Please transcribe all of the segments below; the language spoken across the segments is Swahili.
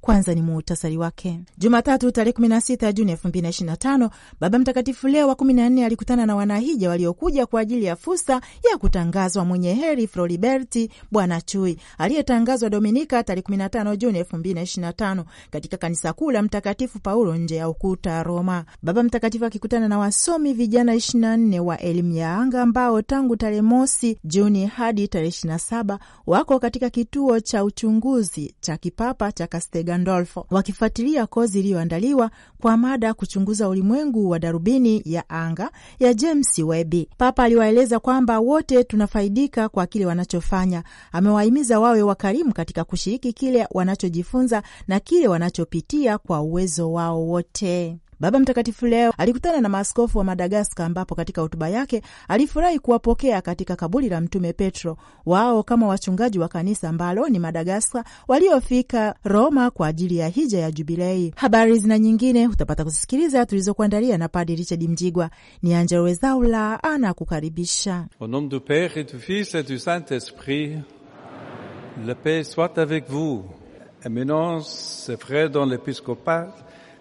Kwanza ni muhtasari wake. Jumatatu tarehe 16 Juni 2025, Baba Mtakatifu Leo wa 14 alikutana na wanahija waliokuja kwa ajili ya fursa ya kutangazwa mwenye heri Floriberti Bwana Chui aliyetangazwa Dominika tarehe 15 Juni 2025 katika kanisa kuu la Mtakatifu Paulo nje ya ukuta Roma. Baba Mtakatifu akikutana na wasomi vijana 24 wa elimu ya anga ambao tangu tarehe mosi Juni hadi tarehe 27 wako katika kituo cha uchunguzi cha kipapa cha Kastega Gandolfo wakifuatilia kozi iliyoandaliwa kwa mada kuchunguza ulimwengu wa darubini ya anga ya James Webi. Papa aliwaeleza kwamba wote tunafaidika kwa kile wanachofanya. Amewahimiza wawe wakarimu katika kushiriki kile wanachojifunza na kile wanachopitia kwa uwezo wao wote. Baba Mtakatifu leo alikutana na maaskofu wa Madagaska, ambapo katika hotuba yake alifurahi kuwapokea katika kaburi la Mtume Petro, wao kama wachungaji wa kanisa ambalo ni Madagaska, waliofika Roma kwa ajili ya hija ya Jubilei. Habari zina nyingine utapata kusikiliza tulizokuandalia na padi Richard Mjigwa. Ni Angelo Wezaula ana kukaribisha. Au nom du pere du Fils et du Saint Esprit, la paix soit avec vous. Eminence, dans l'Episcopat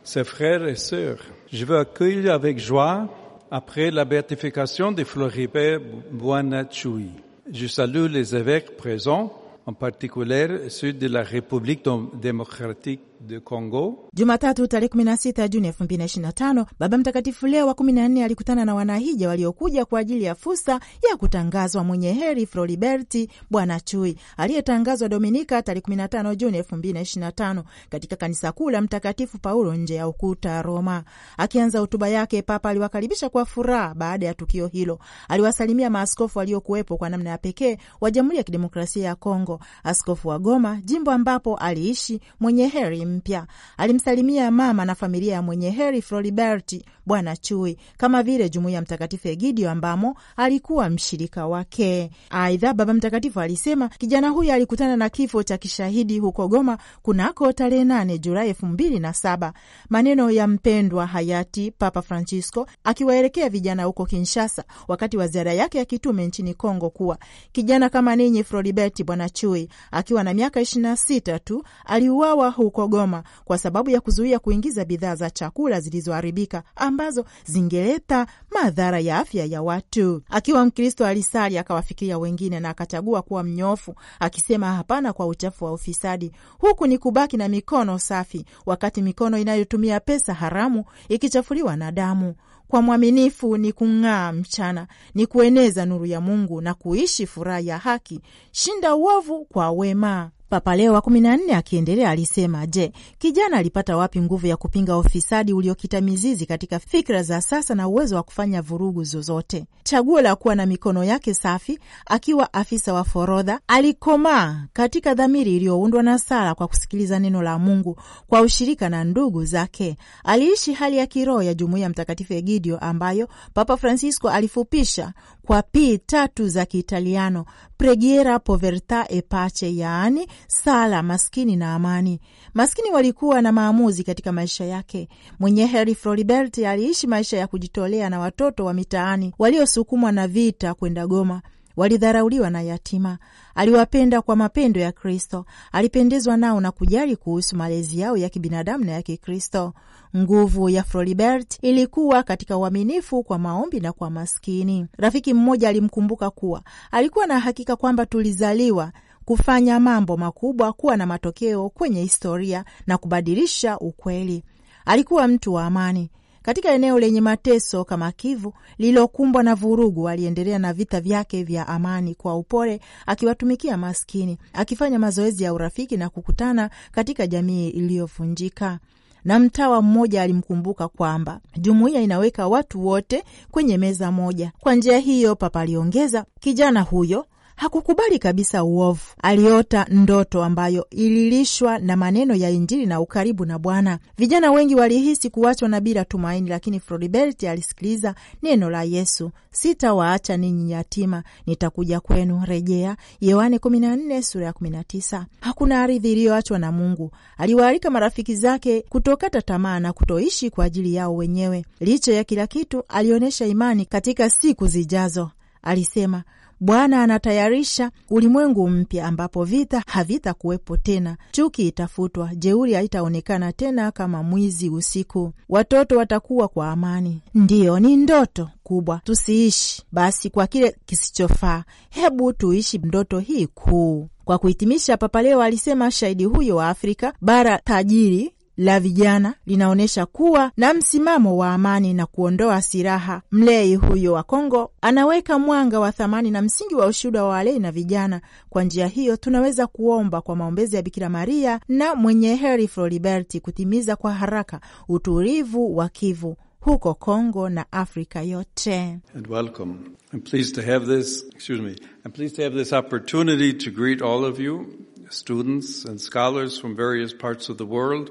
ses frères et sœurs. Je veux accueillir avec joie après la béatification de Floribert Buanachui. Je salue les évêques présents, en particulier ceux de la République démocratique de Congo. Jumatatu tarehe 16 Juni 2025, Baba Mtakatifu Leo wa 14 alikutana na wanahija waliokuja kwa ajili ya fursa ya kutangazwa mwenye heri Floriberti Bwana Chui aliyetangazwa Dominika tarehe 15 Juni 2025 katika kanisa kuu la Mtakatifu Paulo nje ya ukuta Roma. Akianza hotuba yake, Papa aliwakaribisha kwa furaha. Baada ya tukio hilo, aliwasalimia maaskofu waliokuwepo kwa namna ya pekee wa Jamhuri ya Kidemokrasia ya Kongo, askofu wa Goma, jimbo ambapo aliishi mwenye heri mpya. Alimsalimia mama na familia ya mwenye heri Floribert Bwana Chui, kama vile jumuiya Mtakatifu Egidio ambamo alikuwa mshirika wake. Aidha, Baba Mtakatifu alisema kijana huyo alikutana na kifo cha kishahidi huko Goma kunako tarehe nane Julai elfu mbili na saba. Maneno ya mpendwa hayati Papa Francisco akiwaelekea vijana huko Kinshasa wakati wa ziara yake ya kitume nchini Kongo kuwa kijana kama ninyi, Floribert Bwana Chui akiwa na miaka sita tu aliuawa huko Kigoma kwa sababu ya kuzuia kuingiza bidhaa za chakula zilizoharibika ambazo zingeleta madhara ya afya ya watu. Akiwa Mkristo, alisali akawafikiria wengine na akachagua kuwa mnyofu, akisema hapana kwa uchafu wa ufisadi, huku ni kubaki na mikono safi, wakati mikono inayotumia pesa haramu ikichafuliwa na damu. Kwa mwaminifu ni kung'aa mchana, ni kueneza nuru ya Mungu na kuishi furaha ya haki. Shinda uovu kwa wema. Papa Leo wa kumi na nne akiendelea alisema, je, kijana alipata wapi nguvu ya kupinga ufisadi uliokita mizizi katika fikra za sasa na uwezo wa kufanya vurugu zozote? Chaguo la kuwa na mikono yake safi akiwa afisa wa forodha alikomaa katika dhamiri iliyoundwa na sala, kwa kusikiliza neno la Mungu kwa ushirika na ndugu zake. Aliishi hali ya kiroho ya jumuiya Mtakatifu Egidio ambayo Papa Francisco alifupisha kwa pii tatu za Kiitaliano, Pregiera Povertà e Pace, yaani sala, maskini na amani. Maskini walikuwa na maamuzi katika maisha yake. Mwenye heri Floribert aliishi maisha ya kujitolea na watoto wa mitaani waliosukumwa na vita kwenda Goma walidharauliwa na yatima. Aliwapenda kwa mapendo ya Kristo, alipendezwa nao na kujali kuhusu malezi yao ya kibinadamu na ya Kikristo. Nguvu ya Floribert ilikuwa katika uaminifu kwa maombi na kwa maskini. Rafiki mmoja alimkumbuka kuwa alikuwa na hakika kwamba tulizaliwa kufanya mambo makubwa kuwa na matokeo kwenye historia na kubadilisha ukweli. Alikuwa mtu wa amani. Katika eneo lenye mateso kama Kivu lililokumbwa na vurugu, aliendelea na vita vyake vya amani kwa upole, akiwatumikia maskini, akifanya mazoezi ya urafiki na kukutana katika jamii iliyovunjika na mtawa mmoja alimkumbuka kwamba jumuiya inaweka watu wote kwenye meza moja. Kwa njia hiyo, Papa aliongeza, kijana huyo hakukubali kabisa uovu. Aliota ndoto ambayo ililishwa na maneno ya Injili na ukaribu na Bwana. Vijana wengi walihisi kuachwa na bila tumaini, lakini Floribert alisikiliza neno la Yesu, sitawaacha ninyi yatima, nitakuja kwenu, rejea Yohane 14 sura ya 19. Hakuna ardhi iliyoachwa na Mungu. Aliwaalika marafiki zake kutokata tamaa na kutoishi kwa ajili yao wenyewe. Licha ya kila kitu, alionyesha imani katika siku zijazo. Alisema Bwana anatayarisha ulimwengu mpya ambapo vita havitakuwepo tena, chuki itafutwa, jeuri haitaonekana tena kama mwizi usiku, watoto watakuwa kwa amani. Ndiyo, ni ndoto kubwa. Tusiishi basi kwa kile kisichofaa, hebu tuishi ndoto hii kuu. Kwa kuhitimisha, Papa Leo alisema shahidi huyo wa Afrika bara tajiri la vijana linaonyesha kuwa na msimamo wa amani na kuondoa silaha. Mlei huyo wa Kongo anaweka mwanga wa thamani na msingi wa ushuhuda wa walei na vijana. Kwa njia hiyo, tunaweza kuomba kwa maombezi ya Bikira Maria na mwenye heri Floriberti kutimiza kwa haraka utulivu wa Kivu huko Kongo na Afrika yote. And welcome. I'm pleased to have this, excuse me, I'm pleased to have this opportunity to greet all of you, students and scholars from various parts of the world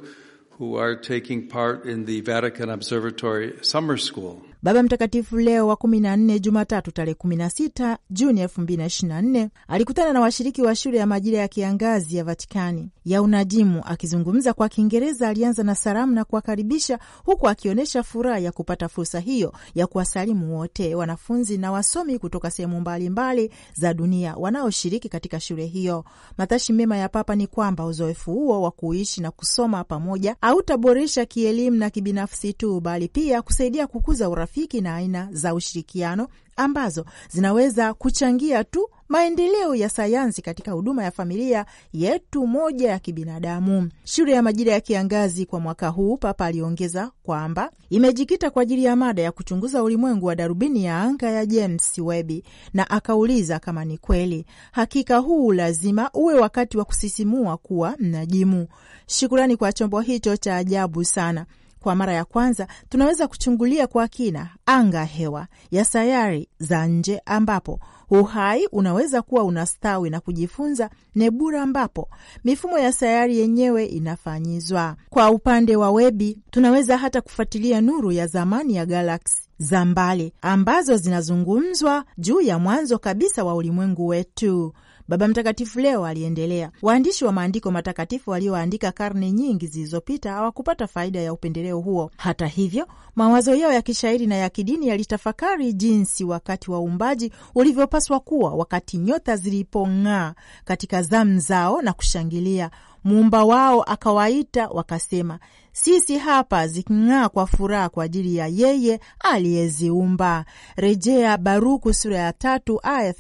who are taking part in the Vatican Observatory Summer School. Baba Mtakatifu Leo wa 14 Jumatatu tarehe 16 Juni 2024 alikutana na washiriki wa shule ya majira ya kiangazi ya Vatikani ya unajimu. Akizungumza kwa Kiingereza, alianza na salamu na kuwakaribisha huku akionyesha furaha ya kupata fursa hiyo ya kuwasalimu wote wanafunzi na wasomi kutoka sehemu mbalimbali za dunia wanaoshiriki katika shule hiyo. Matashi mema ya Papa ni kwamba uzoefu huo wa kuishi na kusoma pamoja hautaboresha kielimu na kibinafsi tu, bali pia kusaidia kukuza urafiki urafiki na aina za ushirikiano ambazo zinaweza kuchangia tu maendeleo ya sayansi katika huduma ya familia yetu moja ya kibinadamu. Shule ya majira ya kiangazi kwa mwaka huu, Papa aliongeza kwamba imejikita kwa ajili ya mada ya kuchunguza ulimwengu wa darubini ya anga ya James Webb, na akauliza kama ni kweli hakika huu lazima uwe wakati wa kusisimua kuwa mnajimu. Shukurani kwa chombo hicho cha ajabu sana kwa mara ya kwanza tunaweza kuchungulia kwa kina anga hewa ya sayari za nje ambapo uhai unaweza kuwa unastawi na kujifunza nebura ambapo mifumo ya sayari yenyewe inafanyizwa. Kwa upande wa webi, tunaweza hata kufuatilia nuru ya zamani ya galaksi za mbali ambazo zinazungumzwa juu ya mwanzo kabisa wa ulimwengu wetu. Baba Mtakatifu leo aliendelea, waandishi wa maandiko matakatifu walioandika karne nyingi zilizopita hawakupata faida ya upendeleo huo. Hata hivyo, mawazo yao ya kishairi na ya kidini yalitafakari jinsi wakati wa uumbaji ulivyopaswa kuwa, wakati nyota zilipong'aa katika zamu zao na kushangilia muumba wao akawaita, wakasema sisi hapa ziking'aa kwa furaha kwa ajili ya yeye aliyeziumba. Rejea Baruku sura ya tatu aya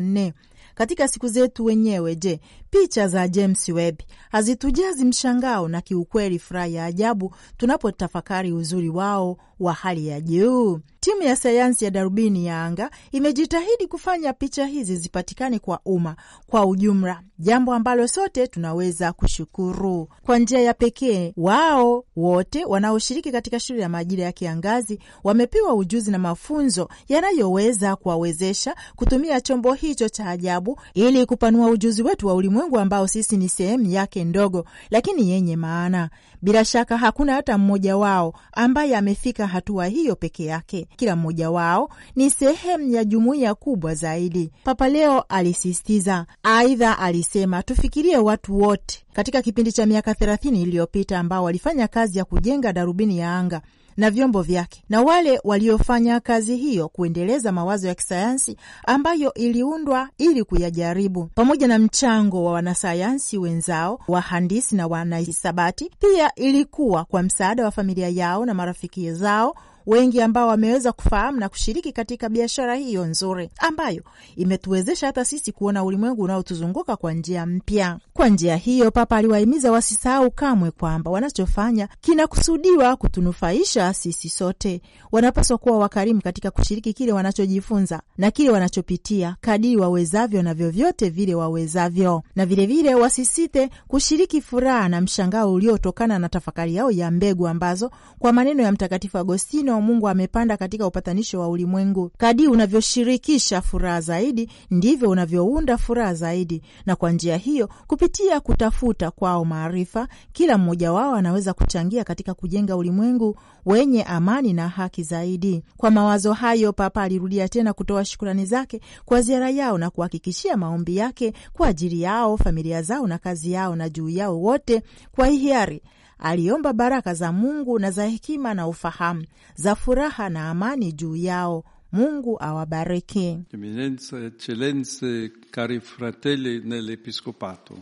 nne katika siku zetu wenyewe. Je, picha za James Webb hazitujazi mshangao na kiukweli furaha ya ajabu tunapotafakari uzuri wao wa hali ya juu? Timu ya sayansi ya darubini ya anga imejitahidi kufanya picha hizi zipatikane kwa umma kwa ujumla, jambo ambalo sote tunaweza kushukuru. Kwa njia ya pekee, wao wote wanaoshiriki katika shule ya majira ya kiangazi wamepewa ujuzi na mafunzo yanayoweza kuwawezesha kutumia chombo hicho cha ajabu ili kupanua ujuzi wetu wa ulimwengu ambao sisi ni sehemu yake ndogo, lakini yenye maana. Bila shaka hakuna hata mmoja wao ambaye amefika hatua hiyo peke yake kila mmoja wao ni sehemu ya jumuiya kubwa zaidi, Papa Leo alisisitiza. Aidha alisema tufikirie watu wote katika kipindi cha miaka thelathini iliyopita ambao walifanya kazi ya kujenga darubini ya anga na vyombo vyake na wale waliofanya kazi hiyo kuendeleza mawazo ya kisayansi ambayo iliundwa ili kuyajaribu, pamoja na mchango wa wanasayansi wenzao, wahandisi na wanahisabati. Pia ilikuwa kwa msaada wa familia yao na marafiki zao wengi ambao wameweza kufahamu na kushiriki katika biashara hiyo nzuri ambayo imetuwezesha hata sisi kuona ulimwengu unaotuzunguka kwa njia mpya. Kwa njia hiyo, Papa aliwahimiza wasisahau kamwe kwamba wanachofanya kinakusudiwa kutunufaisha sisi sote. Wanapaswa kuwa wakarimu katika kushiriki kile wanachojifunza na kile wanachopitia kadiri wawezavyo na vyovyote vile wawezavyo, na vilevile wasisite kushiriki furaha na mshangao uliotokana na tafakari yao ya mbegu ambazo kwa maneno ya Mtakatifu Agostino wa Mungu amepanda katika upatanisho wa ulimwengu. kadi unavyoshirikisha furaha zaidi, ndivyo unavyounda furaha zaidi, na kwa njia hiyo, kupitia kutafuta kwao maarifa, kila mmoja wao anaweza kuchangia katika kujenga ulimwengu wenye amani na haki zaidi. Kwa mawazo hayo, Papa alirudia tena kutoa shukurani zake kwa ziara yao na kuhakikishia maombi yake kwa ajili yao, familia zao na kazi yao, na juu yao wote kwa hiari aliomba baraka za Mungu na za hekima na ufahamu, za furaha na amani juu yao. Mungu awabariki. Eminenze, eccellenze, cari fratelli nell'episcopato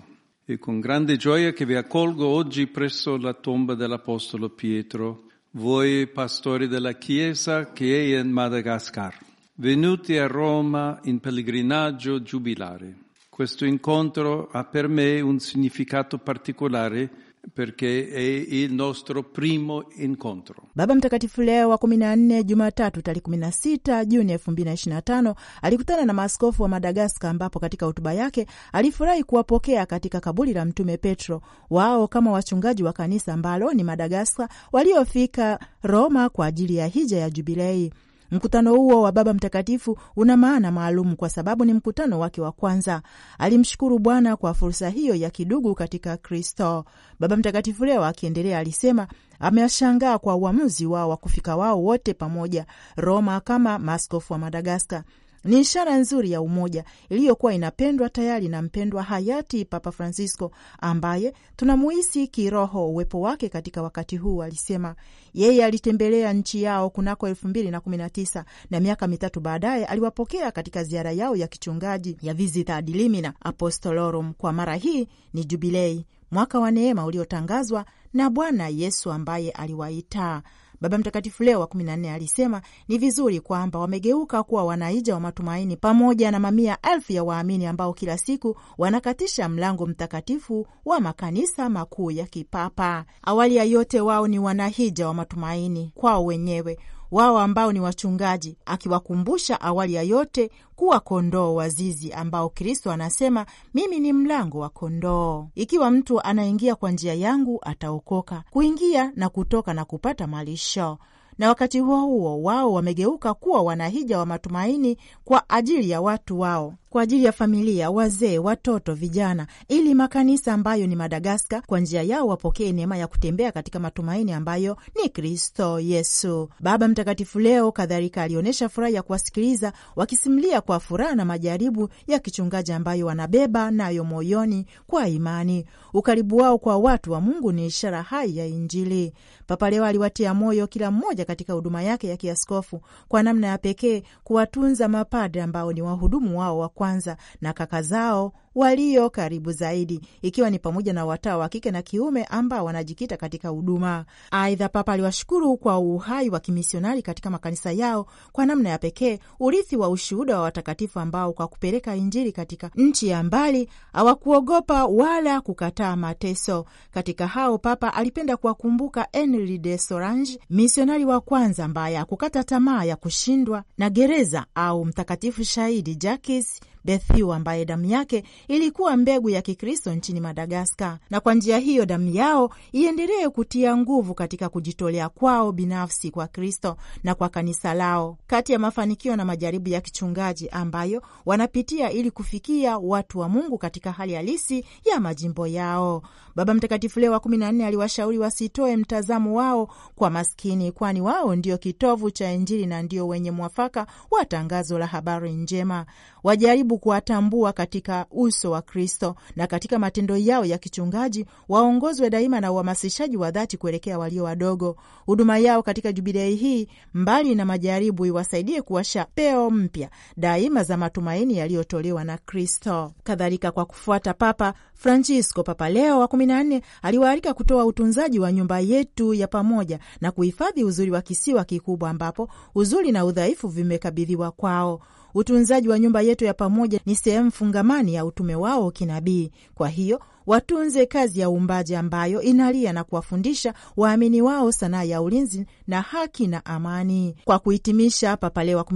e con grande gioia che vi accolgo oggi presso la tomba dell'apostolo Pietro, voi pastori della Chiesa che è in Madagascar, venuti a Roma in pellegrinaggio giubilare. Questo incontro ha per me un significato particolare perché è il nostro primo incontro. Baba Mtakatifu Leo wa 14 Jumatatu tarehe 16 Juni 2025 alikutana na maaskofu wa Madagaskar, ambapo katika hotuba yake alifurahi kuwapokea katika kaburi la Mtume Petro wao kama wachungaji wa kanisa ambalo ni Madagaskar waliofika Roma kwa ajili ya hija ya Jubilei. Mkutano huo wa Baba Mtakatifu una maana maalum kwa sababu ni mkutano wake wa kwanza. Alimshukuru Bwana kwa fursa hiyo ya kidugu katika Kristo. Baba Mtakatifu leo akiendelea alisema amewashangaa kwa uamuzi wao wa kufika wao wote pamoja Roma kama maskofu wa Madagaskar ni ishara nzuri ya umoja iliyokuwa inapendwa tayari na mpendwa hayati Papa Francisco, ambaye tunamuhisi kiroho uwepo wake katika wakati huu. Alisema yeye alitembelea nchi yao kunako elfu mbili na kumi na tisa na miaka mitatu baadaye aliwapokea katika ziara yao ya kichungaji ya Visita ad Limina Apostolorum. Kwa mara hii ni jubilei, mwaka wa neema uliotangazwa na Bwana Yesu ambaye aliwaitaa Baba Mtakatifu Leo wa kumi na nne alisema ni vizuri kwamba wamegeuka kuwa wanaija wa matumaini pamoja na mamia elfu ya waamini ambao kila siku wanakatisha mlango mtakatifu wa makanisa makuu ya kipapa. Awali ya yote, wao ni wanahija wa matumaini kwao wenyewe wao ambao ni wachungaji, akiwakumbusha awali ya yote kuwa kondoo wazizi ambao Kristo anasema mimi ni mlango wa kondoo, ikiwa mtu anaingia kwa njia yangu ataokoka, kuingia na kutoka na kupata malisho na wakati huo huo wao wamegeuka kuwa wanahija wa matumaini kwa ajili ya watu wao kwa ajili ya familia, wazee, watoto, vijana, ili makanisa ambayo ni Madagaska kwa njia yao wapokee neema ya kutembea katika matumaini ambayo ni Kristo Yesu. Baba Mtakatifu leo kadhalika alionyesha furaha ya kuwasikiliza wakisimulia kwa furaha na majaribu ya kichungaji ambayo wanabeba nayo moyoni kwa imani. Ukaribu wao kwa watu wa Mungu ni ishara hai ya Injili. Papa leo aliwatia moyo kila mmoja katika huduma yake ya kiaskofu kwa namna ya pekee kuwatunza mapadre ambao ni wahudumu wao wa kwanza na kaka zao walio karibu zaidi, ikiwa ni pamoja na watawa wa kike na kiume ambao wanajikita katika huduma. Aidha, Papa aliwashukuru kwa uhai wa kimisionari katika makanisa yao, kwa namna ya pekee urithi wa ushuhuda wa watakatifu ambao kwa kupeleka Injili katika nchi ya mbali hawakuogopa wala kukataa mateso. Katika hao Papa alipenda kuwakumbuka Henri de Sorange, misionari wa kwanza ambaye hakukata tamaa ya kushindwa na gereza, au mtakatifu shahidi Jacques Bethiu ambaye damu yake ilikuwa mbegu ya Kikristo nchini Madagaskar, na kwa njia hiyo damu yao iendelee kutia nguvu katika kujitolea kwao binafsi kwa Kristo na kwa kanisa lao, kati ya mafanikio na majaribu ya kichungaji ambayo wanapitia ili kufikia watu wa Mungu katika hali halisi ya majimbo yao. Baba Mtakatifu Leo wa 14 aliwashauri wasitoe mtazamo wao kwa maskini, kwani wao ndio kitovu cha Injili na ndio wenye mwafaka wa tangazo la habari njema wajaribu kuwatambua katika uso wa Kristo, na katika matendo yao ya kichungaji waongozwe daima na uhamasishaji wa dhati kuelekea walio wadogo. Huduma yao katika jubilei hii, mbali na majaribu, iwasaidie kuwasha peo mpya daima za matumaini yaliyotolewa na Kristo. Kadhalika, kwa kufuata Papa Francisco, Papa Leo wa kumi na nne aliwaalika kutoa utunzaji wa nyumba yetu ya pamoja na kuhifadhi uzuri wa kisiwa kikubwa ambapo uzuri na udhaifu vimekabidhiwa kwao. Utunzaji wa nyumba yetu ya pamoja ni sehemu fungamani ya utume wao kinabii. Kwa hiyo watunze kazi ya uumbaji ambayo inalia na kuwafundisha waamini wao sanaa ya ulinzi na haki na amani. Kwa kuhitimisha, Papa Leo wa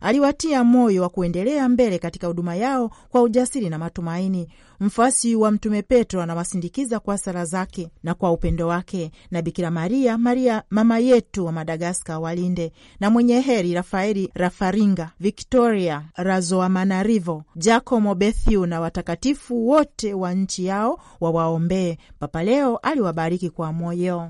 aliwatia moyo wa kuendelea mbele katika huduma yao kwa ujasiri na matumaini. Mfuasi wa Mtume Petro anawasindikiza kwa sala zake na kwa upendo wake, na Bikira Maria, Maria mama yetu wa madagaskar walinde, na mwenye heri Rafaeli Rafaringa, Victoria Razoamanarivo, Jacomo Bethiu na watakatifu wote wa nchi yao wawaombee. Papa leo aliwabariki kwa moyo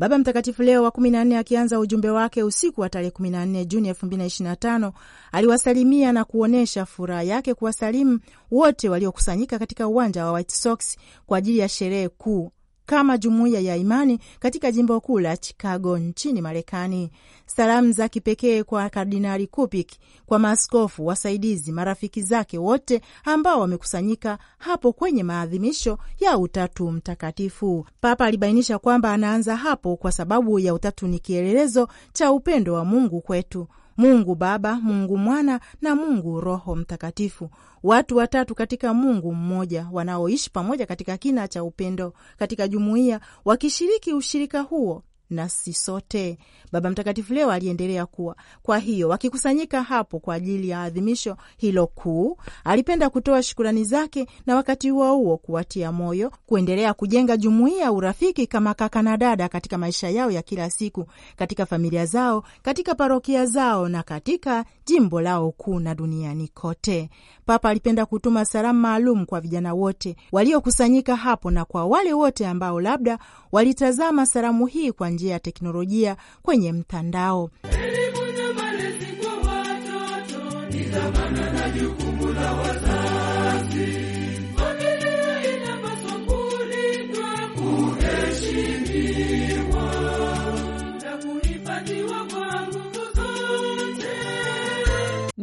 Baba Mtakatifu Leo wa 14 akianza ujumbe wake usiku wa tarehe 14 Juni 2025 aliwasalimia na kuonyesha furaha yake kuwasalimu wote waliokusanyika katika uwanja wa White Sox kwa ajili ya sherehe kuu kama jumuiya ya imani katika jimbo kuu la Chicago nchini Marekani. Salamu za kipekee kwa Kardinali Kupik, kwa maaskofu wasaidizi, marafiki zake wote ambao wamekusanyika hapo kwenye maadhimisho ya Utatu Mtakatifu. Papa alibainisha kwamba anaanza hapo kwa sababu ya Utatu ni kielelezo cha upendo wa Mungu kwetu Mungu Baba, Mungu Mwana na Mungu Roho Mtakatifu, watu watatu katika Mungu mmoja, wanaoishi pamoja katika kina cha upendo, katika jumuiya wakishiriki ushirika huo nasi sote. Baba Mtakatifu leo aliendelea kuwa, kwa hiyo wakikusanyika hapo kwa ajili ya adhimisho hilo kuu, alipenda kutoa shukurani zake na wakati huo huo kuwatia moyo kuendelea kujenga jumuiya urafiki kama kaka na dada katika maisha yao ya kila siku, katika familia zao, katika parokia zao na katika jimbo lao kuu na duniani kote. Papa alipenda kutuma salamu maalum kwa vijana wote waliokusanyika hapo na kwa wale wote ambao labda walitazama salamu hii kwa njia ya teknolojia kwenye mtandao. Elimu na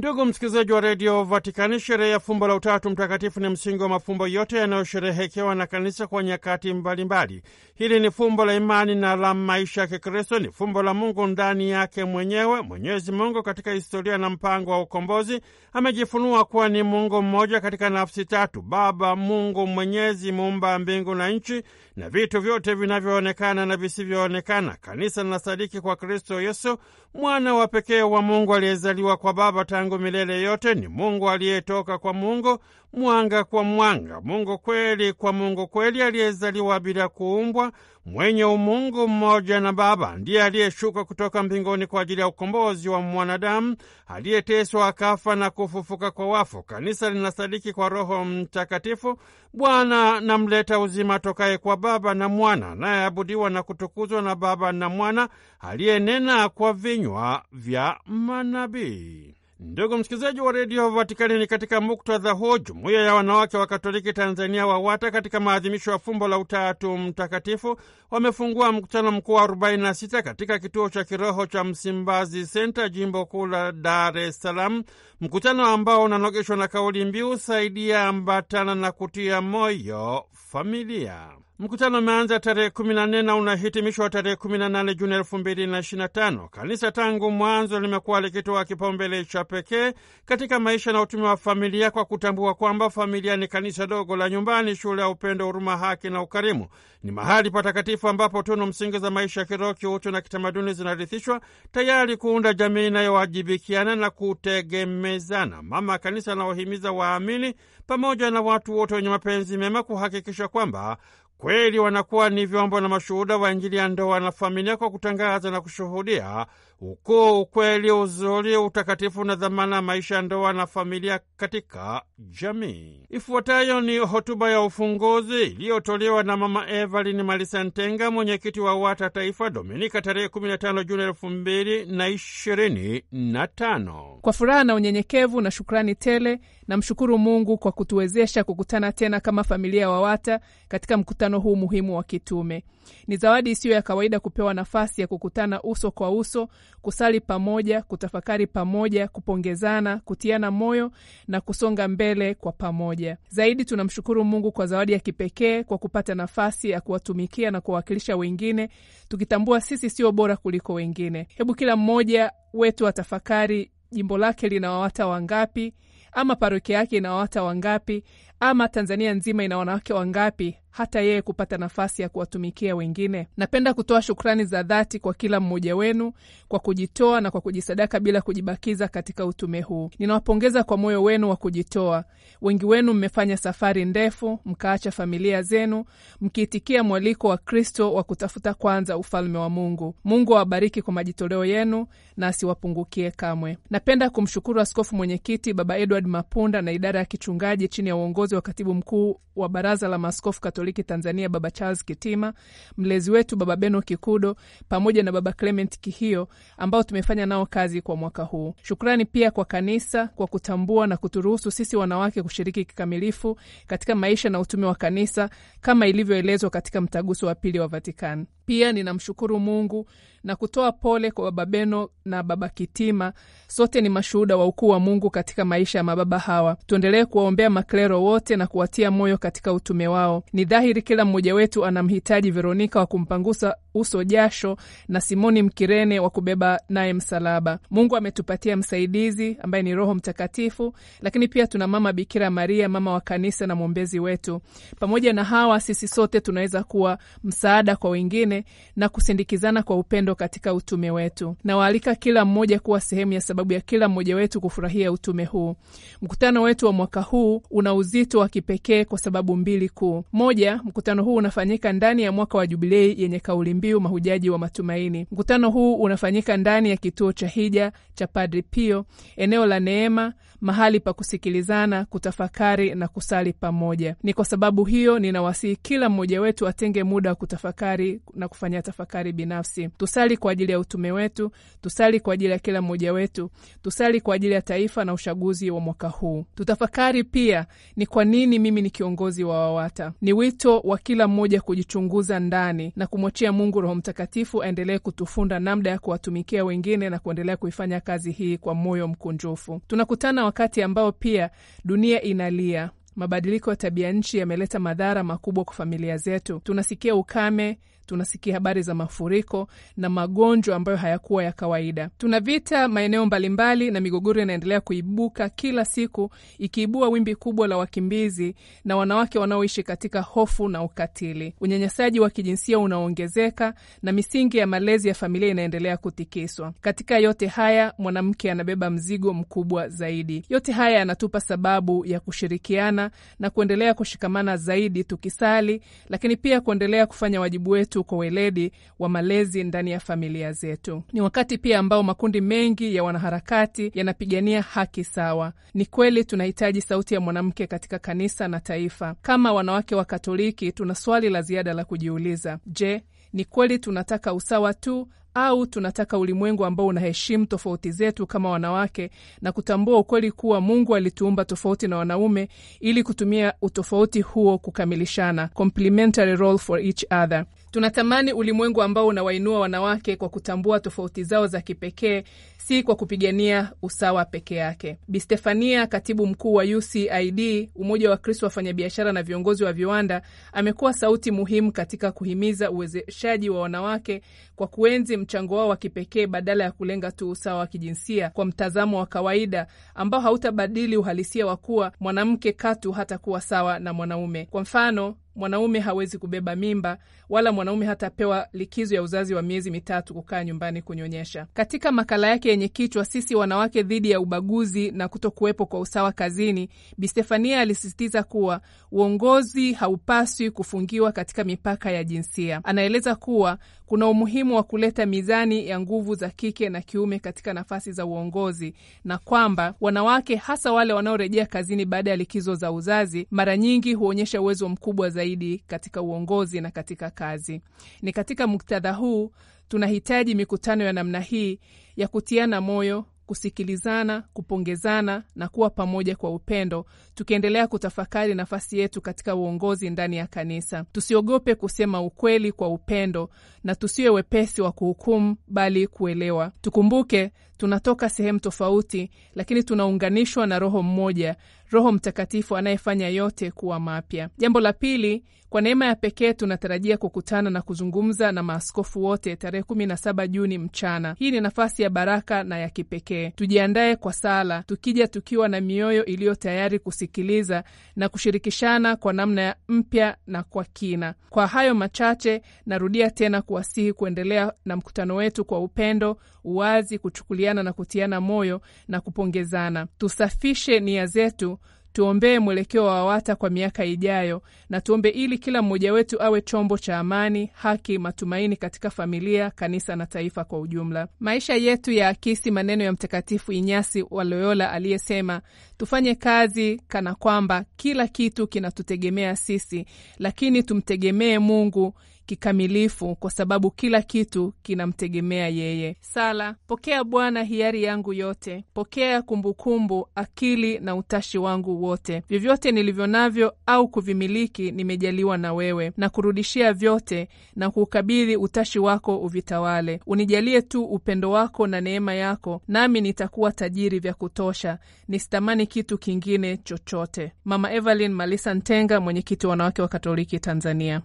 Ndugu msikilizaji wa redio Vatikani, sherehe ya fumbo la Utatu Mtakatifu ni msingi wa mafumbo yote yanayosherehekewa na Kanisa kwa nyakati mbalimbali. Hili ni fumbo la imani na la maisha ya Kikristo, ni fumbo la Mungu ndani yake mwenyewe. Mwenyezi Mungu katika historia na mpango wa ukombozi amejifunua kuwa ni Mungu mmoja katika nafsi tatu: Baba Mungu Mwenyezi, muumba mbingu na nchi na vitu vyote vinavyoonekana na visivyoonekana. Kanisa linasadiki kwa Kristo Yesu, mwana wa pekee wa Mungu aliyezaliwa kwa Baba tangu milele yote, ni Mungu aliyetoka kwa Mungu, mwanga kwa mwanga, Mungu kweli kwa Mungu kweli, aliyezaliwa bila kuumbwa, mwenye umungu mmoja na Baba, ndiye aliyeshuka kutoka mbinguni kwa ajili ya ukombozi wa mwanadamu, aliyeteswa akafa na kufufuka kwa wafu. Kanisa linasadiki kwa Roho Mtakatifu, Bwana na mleta uzima tokaye kwa Baba na Mwana, anayeabudiwa na kutukuzwa na Baba na Mwana, aliyenena kwa vinywa vya manabii. Ndugu msikilizaji wa redio ni katika muktadha huu, jumuiya ya wanawake wa Katoliki Tanzania WAWATA katika maadhimisho ya fumbo la Utatu Mtakatifu wamefungua mkutano mkuu wa 46 katika kituo cha kiroho cha Msimbazi Senta, jimbo kuu la Dar es Salaam, mkutano ambao unanogeshwa na kauli mbiu saidia, ambatana na kutia moyo familia. Mkutano umeanza tarehe kumi na nne na unahitimishwa tarehe kumi na nane Juni elfu mbili na na tano. Kanisa tangu mwanzo limekuwa likitoa kipaumbele cha pekee katika maisha na utume wa familia kwa kutambua kwamba familia ni kanisa dogo la nyumbani, shule ya upendo, huruma, haki na ukarimu. Ni mahali patakatifu ambapo tunu msingi za maisha ya kiroho, kiutu na kitamaduni zinarithishwa, tayari kuunda jamii inayowajibikiana na kutegemezana. Mama Kanisa anaohimiza waamini pamoja na watu wote wenye mapenzi mema kuhakikisha kwamba kweli wanakuwa ni vyombo na mashuhuda wa Injili ya ndoa na familia kwa kutangaza na kushuhudia ukuu, ukweli, uzuri, utakatifu na dhamana ya maisha ya ndoa na familia katika jamii. Ifuatayo ni hotuba ya ufunguzi iliyotolewa na Mama Evelyn Malisa Ntenga, mwenyekiti wa WATA Taifa, Dominika tarehe 15 Juni 2025. Kwa furaha na unyenyekevu na shukrani tele, namshukuru Mungu kwa kutuwezesha kukutana tena kama familia ya wawata katika mkutano huu muhimu wa kitume. Ni zawadi isiyo ya kawaida kupewa nafasi ya kukutana uso kwa uso kusali pamoja, kutafakari pamoja, kupongezana, kutiana moyo na kusonga mbele kwa pamoja. Zaidi tunamshukuru Mungu kwa zawadi ya kipekee, kwa kupata nafasi ya kuwatumikia na kuwawakilisha wengine, tukitambua sisi sio bora kuliko wengine. Hebu kila mmoja wetu atafakari jimbo lake linawawata wangapi ama parokia yake inawawata wangapi, ama Tanzania nzima ina wanawake wangapi hata yeye kupata nafasi ya kuwatumikia wengine. Napenda kutoa shukrani za dhati kwa kila mmoja wenu kwa kujitoa na kwa kujisadaka bila kujibakiza katika utume huu. Ninawapongeza kwa moyo wenu wa kujitoa. Wengi wenu mmefanya safari ndefu, mkaacha familia zenu, mkiitikia mwaliko wa Kristo wa kutafuta kwanza ufalme wa Mungu. Mungu awabariki kwa majitoleo yenu na asiwapungukie kamwe. Napenda kumshukuru askofu mwenyekiti Baba Edward Mapunda na idara ya kichungaji chini ya uongozi uongozi wa katibu mkuu wa Baraza la Maaskofu Katoliki Tanzania Baba Charles Kitima, mlezi wetu Baba Beno Kikudo pamoja na Baba Clement Kihio ambao tumefanya nao kazi kwa mwaka huu. Shukrani pia kwa kanisa kwa kutambua na kuturuhusu sisi wanawake kushiriki kikamilifu katika maisha na utume wa kanisa kama ilivyoelezwa katika mtaguso wa pili wa Vatikani. Pia ninamshukuru Mungu na kutoa pole kwa Baba Beno na Baba Kitima. Sote ni mashuhuda wa ukuu wa Mungu katika maisha ya mababa hawa. Tuendelee kuwaombea maklero wote na kuwatia moyo katika utume wao. Ni dhahiri kila mmoja wetu anamhitaji Veronika wa kumpangusa uso jasho na Simoni Mkirene wa kubeba naye msalaba. Mungu ametupatia msaidizi ambaye ni Roho Mtakatifu, lakini pia tuna Mama Bikira Maria, mama wa kanisa na mwombezi wetu. Pamoja na hawa, sisi sote tunaweza kuwa msaada kwa wengine wengine na kusindikizana kwa upendo katika utume wetu. Nawaalika kila mmoja kuwa sehemu ya sababu ya kila mmoja wetu kufurahia utume huu. Mkutano wetu wa mwaka huu una uzito wa kipekee kwa sababu mbili kuu. Moja, mkutano huu unafanyika ndani ya mwaka wa Jubilei yenye kauli mbiu mahujaji wa matumaini. Mkutano huu unafanyika ndani ya kituo cha hija cha Padri Pio, eneo la neema, mahali pa kusikilizana, kutafakari na kusali pamoja. Ni kwa sababu hiyo ninawasihi kila mmoja wetu atenge muda wa kutafakari na na kufanya tafakari binafsi. Tusali kwa ajili ya utume wetu, tusali kwa ajili ya kila mmoja wetu, tusali kwa ajili ya taifa na uchaguzi wa mwaka huu. Tutafakari pia ni kwa nini mimi ni kiongozi wa WAWATA. Ni wito wa kila mmoja kujichunguza ndani na kumwachia Mungu Roho Mtakatifu aendelee kutufunda namna ya kuwatumikia wengine na kuendelea kuifanya kazi hii kwa moyo mkunjufu. Tunakutana wakati ambao pia dunia inalia. Mabadiliko ya tabia nchi yameleta madhara makubwa kwa familia zetu. Tunasikia ukame tunasikia habari za mafuriko na magonjwa ambayo hayakuwa ya kawaida. Tuna vita maeneo mbalimbali na migogoro inaendelea kuibuka kila siku, ikiibua wimbi kubwa la wakimbizi na wanawake wanaoishi katika hofu na ukatili. Unyanyasaji wa kijinsia unaongezeka na misingi ya malezi ya familia inaendelea kutikiswa. Katika yote haya, mwanamke anabeba mzigo mkubwa zaidi. Yote haya yanatupa sababu ya kushirikiana na kuendelea kushikamana zaidi tukisali, lakini pia kuendelea kufanya wajibu wetu wetu kwa weledi wa malezi ndani ya familia zetu. Ni wakati pia ambao makundi mengi ya wanaharakati yanapigania haki sawa. Ni kweli tunahitaji sauti ya mwanamke katika kanisa na taifa. Kama wanawake wa Katoliki, tuna swali la ziada la kujiuliza: je, ni kweli tunataka usawa tu au tunataka ulimwengu ambao unaheshimu tofauti zetu kama wanawake na kutambua ukweli kuwa Mungu alituumba tofauti na wanaume ili kutumia utofauti huo kukamilishana, complementary role for each other. Tunatamani ulimwengu ambao unawainua wanawake kwa kutambua tofauti zao za kipekee, si kwa kupigania usawa peke yake. Bi Stefania, katibu mkuu wa UCID, Umoja wa Kristo wafanyabiashara na viongozi wa viwanda, amekuwa sauti muhimu katika kuhimiza uwezeshaji wa wanawake kwa kuenzi mchango wao wa kipekee badala ya kulenga tu usawa wa kijinsia kwa mtazamo wa kawaida ambao hautabadili uhalisia wa kuwa mwanamke katu hata kuwa sawa na mwanaume. Kwa mfano mwanaume hawezi kubeba mimba wala mwanaume hatapewa likizo ya uzazi wa miezi mitatu kukaa nyumbani kunyonyesha. Katika makala yake yenye kichwa sisi wanawake dhidi ya ubaguzi na kutokuwepo kwa usawa kazini, Bi Stefania alisisitiza kuwa uongozi haupaswi kufungiwa katika mipaka ya jinsia. Anaeleza kuwa kuna umuhimu wa kuleta mizani ya nguvu za kike na kiume katika nafasi za uongozi na kwamba wanawake, hasa wale wanaorejea kazini baada ya likizo za uzazi, mara nyingi huonyesha uwezo mkubwa zaidi zaidi katika uongozi na katika kazi. Ni katika muktadha huu tunahitaji mikutano ya namna hii ya kutiana moyo, kusikilizana, kupongezana na kuwa pamoja kwa upendo, tukiendelea kutafakari nafasi yetu katika uongozi ndani ya kanisa. Tusiogope kusema ukweli kwa upendo na tusiwe wepesi wa kuhukumu, bali kuelewa. Tukumbuke tunatoka sehemu tofauti, lakini tunaunganishwa na Roho mmoja, Roho Mtakatifu anayefanya yote kuwa mapya. Jambo la pili, kwa neema ya pekee tunatarajia kukutana na kuzungumza na maaskofu wote tarehe 17 Juni mchana. Hii ni nafasi ya baraka na ya kipekee. Tujiandae kwa sala, tukija tukiwa na mioyo iliyo tayari kusikiliza na kushirikishana kwa namna mpya na kwa kina. Kwa hayo machache, narudia tena kuwasihi kuendelea na mkutano wetu kwa upendo, uwazi, kuchukulia kuwasiliana na kutiana moyo na kupongezana. Tusafishe nia zetu, tuombee mwelekeo wa WAWATA kwa miaka ijayo, na tuombe ili kila mmoja wetu awe chombo cha amani, haki, matumaini katika familia, kanisa na taifa kwa ujumla. Maisha yetu ya akisi maneno ya Mtakatifu Inyasi wa Loyola aliyesema, tufanye kazi kana kwamba kila kitu kinatutegemea sisi, lakini tumtegemee Mungu kikamilifu, kwa sababu kila kitu kinamtegemea yeye. Sala: pokea Bwana hiari yangu yote, pokea ya kumbukumbu, akili na utashi wangu wote. Vyovyote nilivyo navyo au kuvimiliki, nimejaliwa na wewe, na kurudishia vyote na kuukabidhi utashi wako uvitawale. Unijalie tu upendo wako na neema yako, nami nitakuwa tajiri vya kutosha, nisitamani kitu kingine chochote. Mama Evelyn Malisa Ntenga, mwenyekiti wanawake wa Katoliki Tanzania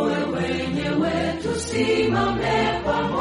moyo wenyewe tusimame pamoja.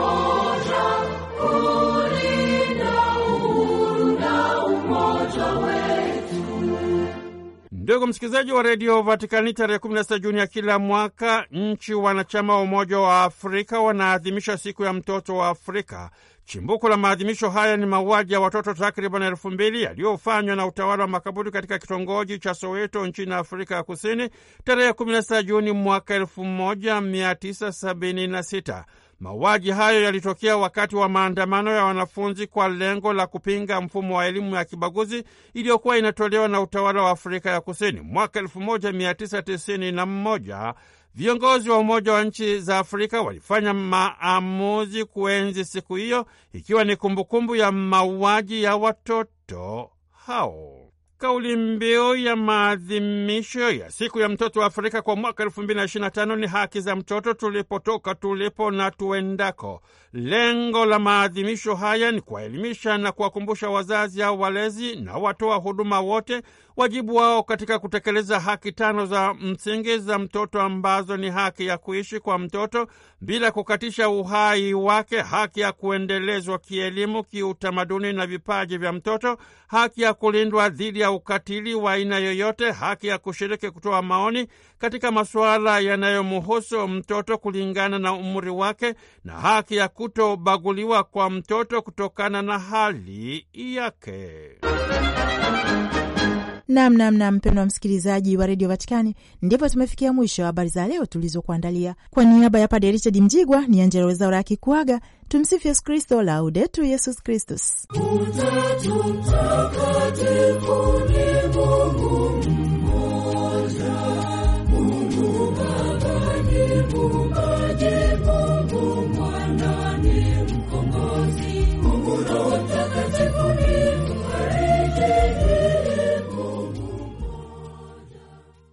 Ndugu msikilizaji wa redio Vatikani, tarehe 16 Juni ya kila mwaka nchi wanachama wa Umoja wa Afrika wanaadhimisha siku ya mtoto wa Afrika. Chimbuko la maadhimisho haya ni mauaji ya watoto takriban elfu mbili yaliyofanywa na utawala wa makaburi katika kitongoji cha Soweto nchini Afrika ya Kusini tarehe 16 Juni mwaka 1976. Mauaji hayo yalitokea wakati wa maandamano ya wanafunzi kwa lengo la kupinga mfumo wa elimu ya kibaguzi iliyokuwa inatolewa na utawala wa Afrika ya Kusini. Mwaka 1991 viongozi wa Umoja wa Nchi za Afrika walifanya maamuzi kuenzi siku hiyo, ikiwa ni kumbukumbu ya mauaji ya watoto hao. Kauli mbiu ya maadhimisho ya siku ya mtoto wa Afrika kwa mwaka elfu mbili na ishirini na tano ni haki za mtoto, tulipotoka, tulipo na tuendako. Lengo la maadhimisho haya ni kuwaelimisha na kuwakumbusha wazazi au walezi na watoa huduma wote wajibu wao katika kutekeleza haki tano za msingi za mtoto ambazo ni haki ya kuishi kwa mtoto bila kukatisha uhai wake, haki ya kuendelezwa kielimu, kiutamaduni na vipaji vya mtoto, haki ya kulindwa dhidi ya ukatili wa aina yoyote, haki ya kushiriki kutoa maoni katika masuala yanayomhusu mtoto kulingana na umri wake, na haki ya kutobaguliwa kwa mtoto kutokana na hali yake namnamna mpendo wa msikilizaji wa redio Vatikani, ndipo tumefikia mwisho wa habari za leo tulizokuandalia. Kwa niaba ya Padre Richard Mjigwa ni Wezaura akikuaga. Tumsifu Yesu Kristo, laudetu Yesus Kristus.